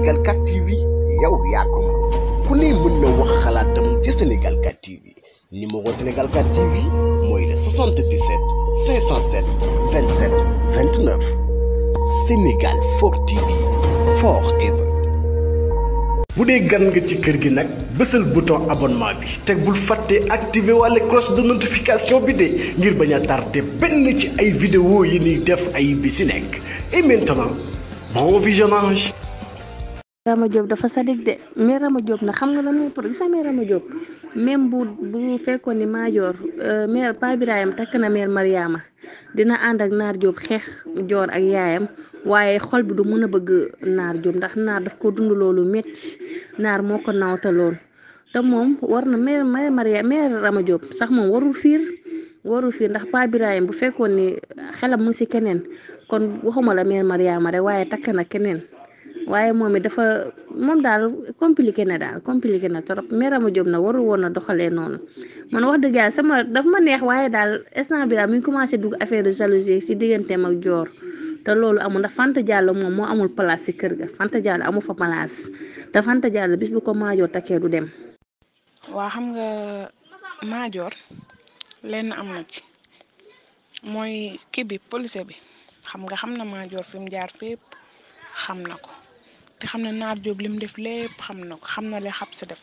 Sénégal 4 TV yow yaa ko ku ne mën na wax xalaatam ci Sénégal 4 TV numéro Sénégal 4 TV moy le 77 507 27 29 Sénégal 4 TV forever. Vous voulez gan nga ci kër gi le bouton abonnement et te bul fàtte la cloche de notification bi ne ngir tarder. tardé benn ci ay vidéo yi ni def ay et maintenant bon visionnage. Rama Diop dafa sadik de mais Rama na xam nga lan mooy pour gis nga Rama Diop même bu bu fekkoon ni maajoor euh, mère Pa Birahim takk na mère Mariama dina ànd ak Naar Diop xeex joor ak yaayam waaye xol bi du mën a bëgg Naar Diop ndax Naar daf ko dund loolu metti Naar moo naawta lool te moom war na mère Mariama mère Rama sax moom warul fiir warul fiir ndax Pa bu fekkoon ni xelam mu keneen kon waxuma la mère Mariama rek waaye takk na keneen. waaye moom it dafa moom daal compliqué na daal compliqué na trop Marème Diop na warul woon a doxalee noonu man wax dëgg yàlla sama dafa ma neex waaye daal instant bi daal commencé dugg affaire de jalousie si digganteem ak joor te loolu amul ndax Fanta Diallo moom moo amul place si kër ga Fanta Diallo amul fa place te Fanta Diallo bis bu ko maajoor takkee du dem. waa xam nga maajoor lenn am na ci mooy kii bi bi xam nga xam na maajoor fi mu jaar fépp xam na ko. xam ne naar jóob lim def lépp xam na ko xam na li xab si def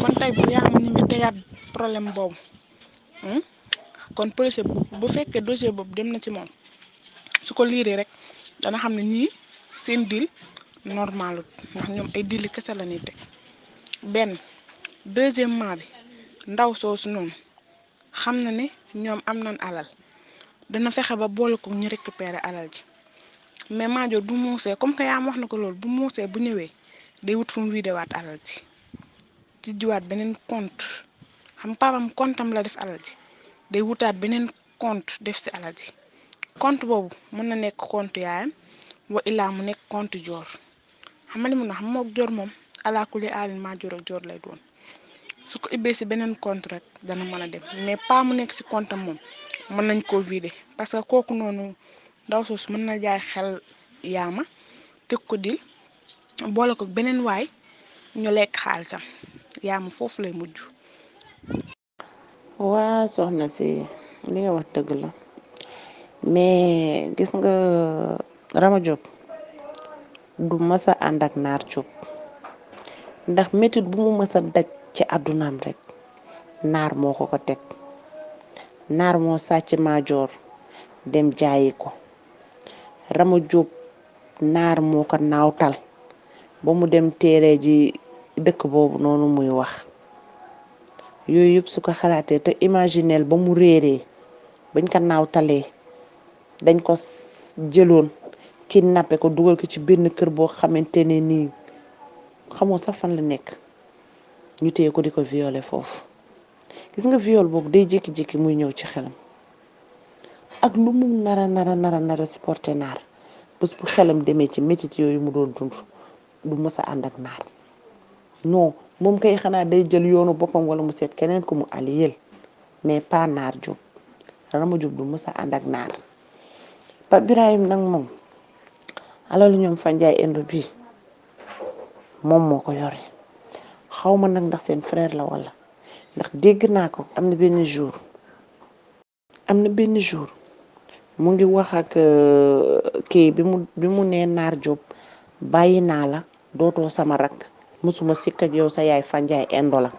kon tey bu yaa ñu ngi tegaat problème boobu hmm? kon policier bu fekkee dossier boobu dem na ci moom su ko liiree rek dana xam ne ñii seen dil normalut ndax ñoom ay dili kese la ñuy teg benn deuxièmement bi ndaw soosu noonu xam na ne ñoom am nañ alal dana fexe ba boole ko ñu récupérer alal ji mais maajoor bu muusee comme que yaa ma wax na ko loolu bu muusee bu ñëwee day wut fu mu videwaat alal ji ci jiwaat beneen compte xam papam compte am la def alal ji day wutaat beneen compte def si alal ji compte boobu mën na nekk compte yaayam wa illaa mu nekk compte joor xam nga li mun na xam joor moom alaakuli aalin maajoor joor lay doon su ko ubbee si beneen compte rek dana mën a dem mais pas mu nekk si compte am moom mën nañ ko vider parce que kooku noonu. ndaw suus mën na jaay xel yaama teg ko dil boole ko beneen waay ñu lekk xaalisam yaama foofu lay mujj waa soxna si li nga wax dëgg la mais gis nga Rama Diop du masa ànd ak Naar Diop ndax metit bu mu masa daj ci àddunaam rek naar moo ko ko naar moo sàcc maajoor dem jaayi ko Rama Jóob naar moo ko naawtal ba mu dem téere ji dëkk boobu noonu muy wax yooyu yëpp su ko xalaatee te imagineel ba mu réeree bañ ko naawtalee dañ ko jëloon ki kidnappé ko dugal ko ci benn kër boo xamante ne nii xamoo sax fan la nekk ñu téye ko di ko violé foofu gis nga viol boobu day jékki-jékki muy ñëw ci xelam ak lu mu nara nara nara nara supporté naar bés bu xelam demee ci métit yooyu mu doon dund du mës a ànd ak naar non moom kay xanaa day jël yoonu boppam wala mu seet keneen ku mu aliyel mais pas naar Diop Rama Diop du mës a ànd ak naar Pape Birahim nag moom alalu ñoom fanjaay indo bi moom moo ko yore xaw ma nag ndax seen frère la walla ndax dégg naa ko am na benn jour am na benn jour mu ngi wax ak euh, kii bi mu mu nee naar Diop bàyyi naa la dootoo sama rakk mosuma sikk ak yow sa yaay fanjaay indo la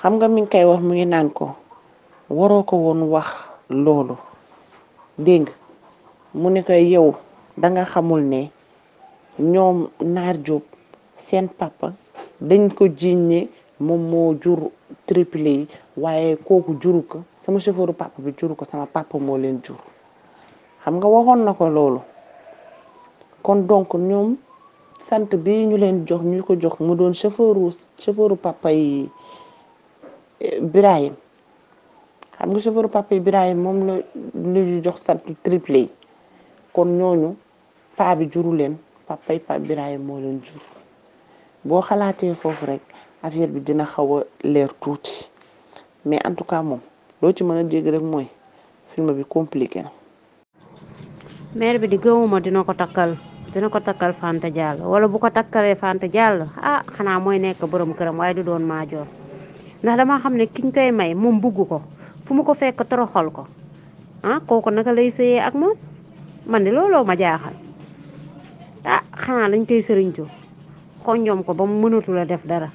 xam nga mi ngi koy wax mu ngi naan ko waroo ko woon wax loolu dégg mu ne koy yow danga xamul ne ñoom naar Diop seen papa dañ ko jiiñ ne moom moo jur triplé yi waaye kooku juru ko sama chauffeuru papa bi juru ko sama papa moo leen jur xam nga waxoon na ko loolu kon donc ñoom sant bi ñu leen jox ñu ko jox mu doon chauffeuru chauffeuru papa yi eh, xam nga chauffeuru papa yi Birahim moom la ñu jox sant triplé kon ñooñu paa bi juru leen papa yi moo leen jur boo xalaatee foofu rek a affaire bi dina xaw a leer tuuti mais en tout cas moom. Lo ma na de moy, film bi compliqué na. Mère bi di gëwuma dina ko takkal dina ko takkal Fanta Diallo wala bu ko takkalee Fanta Diallo ah xana moy nekk borom kërëm way du doon maajoor ndax dama xamné kiñ koy may mom bugg ko fu mu ko fekk toroxal ko ah koko naka lay sëyee ak mom man ni lolo ma jaaxal ah xana lañ koy sëriñtu xonjom ko ba mënatu la def dara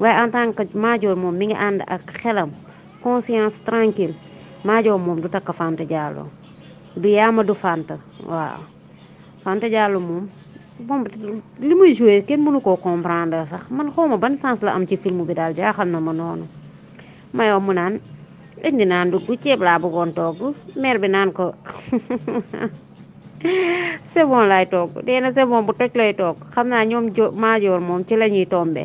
waaye en tant que maajoor mom mi ngi and ak xelam conscience tranquille Madiaw moom du takk Fanta Diallo du yaama du Fanta waaw Fanta Diallo moom moom li muy joué kenn mënu koo comprendre sax man xawma ban sens la am ci film bi daal jaaxal na ma noonu Mayow mu naan indi naa ndugg ceeb laa bëggoon togg mère bi naan ko c'est laay lay togg dee na c'est bu toj lay togg xam naa ñoom jo moom ci la ñuy tombé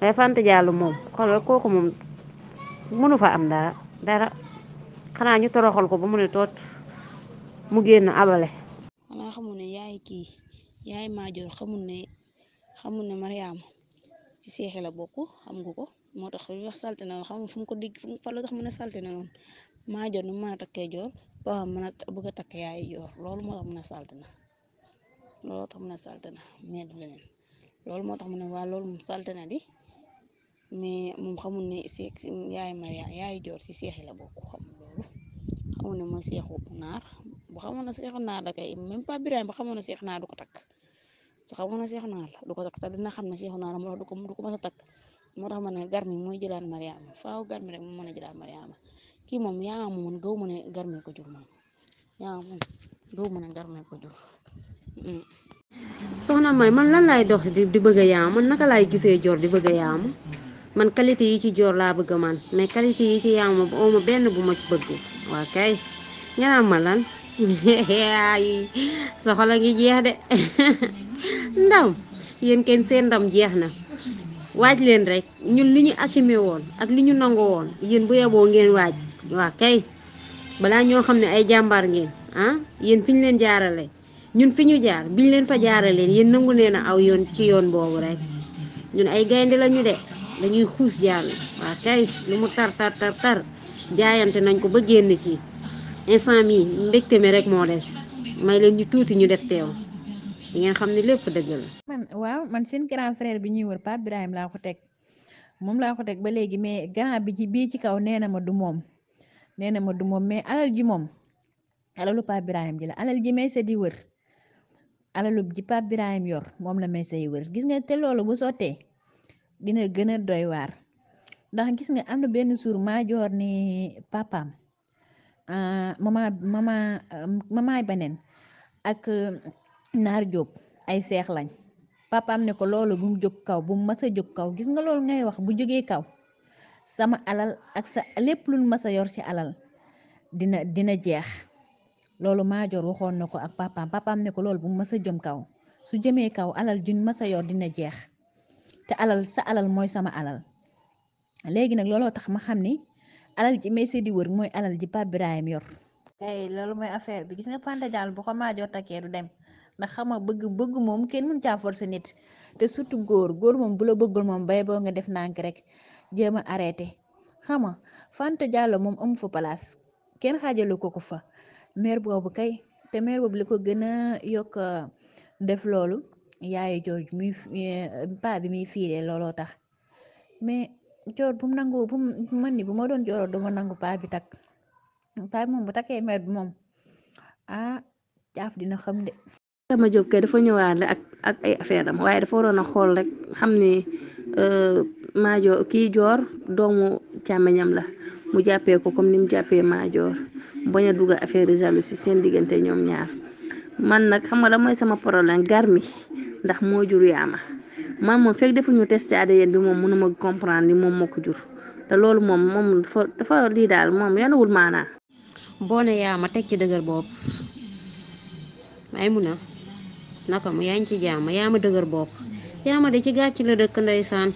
waaye Fanta Diallo moom xoolal kooku moom mënu fa am dara dara xanaa ñu toroxal ko ba mu ne toot mu gén na abale xanaa xamul ne yaay kii yaay maajoor xamul ne xamul ne mariama ci seexi la bokk xam ngu ko moo tax ñu salte na loon xamul ko digg fu mu mën a salte na loon nu mën a takkee joor papa mën a bëgg a takk yaay joor loolu moo tax mën salte na loolu tax mën a na mais du moo tax mu ne waa loolu moom salte na di mais moom xamul ne seex yaay Maria yaay joor ci seex la bokk xamul loolu xamul ne mooy seexu naar bu xamoon na seexu naar da kay na seexu naar du ko takk su xamoon na ko takk te dina xam ne seexu naar moo tax du ko du ko a tak moo tax ma ne garmi mooy jëlaat Mariama faaw garmi rek mu a kii moom yaa ma woon ne garmi ko jur moom yaa ma woon gaw ma ne garmi ko jur. Mm. soxna May man laay dox di bëgg a yaamu man naka laay gisee joor di bëgg yaamu. man qualité yi ci jor la bëgg man mais qualité yi ci yaama ooma benn bu ma ci bëgg wa kay nga naan ma lan soxla gi jeex de ndam yeen kenn seen ndam jeex na waaj leen rek ñun li ñu assumé woon ak li ñu nango woon yeen bu yeboo ngeen waaj wa kay bala ñoo xamne ay jambar ngeen han ah, yeen fiñ leen jaarale ñun fiñu jaar biñ leen fa jaarale yeen nangu neena aw yoon ci yoon boobu rek ñun ay gaynde lañu de dañuy xuus jàll waa kay lu mu tar tar tar jaayante nañ ko ba génn ci instant mi mbégte mi rek moo des may leen ñu tuuti ñu def teew di ngeen xam ni lépp dëgg la. waaw man seen grand frère bi ñuy wër Pape Ibrahima laa ko teg moom laa ko teg ba léegi mais grand bi ci bii ci kaw nee na ma du moom nee na ma du moom mais ji moom alalu Pape Ibrahima ji la alal ji may sa di wër alalu ji Pape Ibrahima yor moom la may say wër gis nga te loolu bu sottee. dina gën a doy waar ndax gis nga am na benn suur maa joor ni papaam ah, mama mama mamaay beneen ak eh, naar jóob ay seex lañ papaam ne ko loolu bu jóg kaw bu mu mës a jóg kaw gis nga loolu ngay wax bu jógee kaw sama alal ak sa lépp lu mës a yor ci alal dina dina jeex loolu maajoor waxoon na ko ak papaam papaam ne ko loolu bu mu mës a jëm kaw su jëmee kaw alal juñ masa a yor dina jeex te alal sa alal moy sama alal legi nak lolo tax ma xamni alal ji may di wër moy alal ji pap ibrahim yor. tay lolo moy affaire bi gis nga Panda Diallo bu ko jo takkee du dem ndax xama bëgg bëgg moom kenn mën caa forcer nit te surtout gor gor mom bu la bëggul mom bay bo nga def nank rek jema a xama Fanta Diallo mom amu fa place kenn xaajalu ko ko fa maire bobu kay te maire bobu liko gëna yok def loolu. yaayu joor muy eh, paa bi muy fiiree looloo tax mais joor bu mu nangu bu man ni bu ma doon jooroon du nangu paa bi takk paa moom bu takkee mère moom ah caaf dina xam de. dama jóg kay dafa ñëwaale ak ak ay affaire am waaye dafa waroon a xool rek xam ne euh, maajoor kii joor doomu càmmeñam la mu jàppee ko comme ni mu jàppee maajoor bañ a dugal affaire si seen diggante ñoom ñaar. man nag xam nga la mooy sama problème garmi ndax moo jur yaama man moom fekk defuñu test ADN bi moom mënuma comprendre ni moom moo ko jur te loolu moom moom dafa dafa lii daal moom yenuwul maanaa boo yaama teg ci dëgër bopp may mun naka mu yaa ci jaama yaama dëgër bopp yaama de ci gàcc la dëkk ndeysaan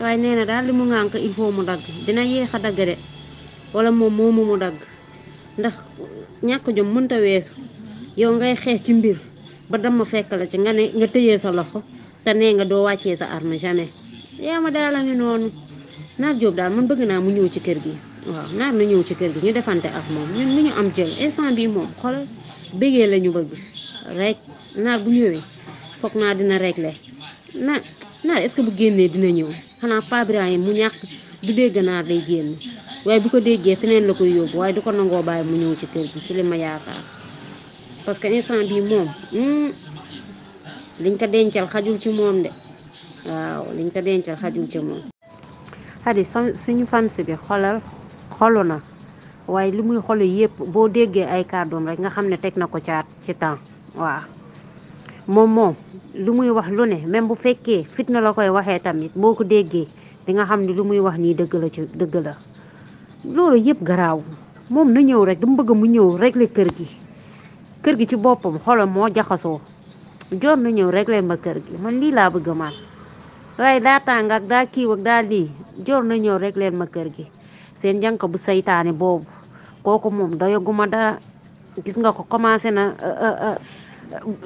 waaye nee na daal li mu ngànk il faut mu dagg dina yéex a dagg de wala moom moomu mu dagg ndax ñàkk jom mënta weesu yow ngay xeex ci mbir ba dama fekk la ci nga ne nga tëyee sa loxo te nee nga doo wàccee sa arme jamais yaa ma daal a ngi noonu naar Diop daal man bëgg naa mu ñëw ci kër gi waaw naar na ñëw ci kër gi ñu defante ak moom ñun ñu am jël instant bi moom xoolal bëggee la ñu bëgg rek naar bu ñëwee foog naa dina régler naar naar est-ce que bu génnee dina ñëw xanaa Fabrahima mu ñàkk du dégg naar day génn waaye bu ko déggee feneen la koy yóbbu waaye du ko nangoo bàyyi mu ñëw ci kër gi ci li ma yaakaar parce que instant bi moom hmm, liñ ko dencal xajul ci moom de waaw liñ dencal xajul ci moom suñu fans bi xolal xolu na waaye lu muy xolu yëpp boo déggee ay kàddoom rek nga xam ne teg na ko caat ci temps waaw moom moom lu muy wax lu ne même bu fekkee fitna la koy waxee tamit boo ko déggee di nga xam ne lu muy wax nii dëgg la ci dëgg la loolu yëpp garaaw moom na ñëw rek dama bëgg mu ñëw régler kër gi kër gi ci boppam xolam moo jaxasoo jor na ñëw régler ma kër gi man lii laa bëgg man waaye daa tàng ak daa kiiw daa lii jor na ñëw leen ma kër gi seen jànq bu seytaane boobu kooku moom doyaguma dara gis nga ko commencé na euh, euh, euh,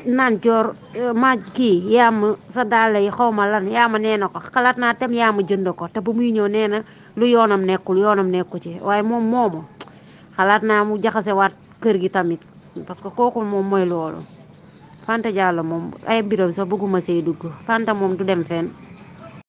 naan joor ma kii yaama sa dàll yi xaw ma lan yaama nee na ko xalaat naa tem tam ma jënd ko te bu muy ñëw nee na lu yoonam nekkul yoonam nekku ci waaye moom moomu xalaat naa mu jaxasewaat kër gi tamit parce que kooku moom mooy loolu Fanta Diallo moom ay mbiram sax bëgguma see dugg Fanta moom du dem fenn.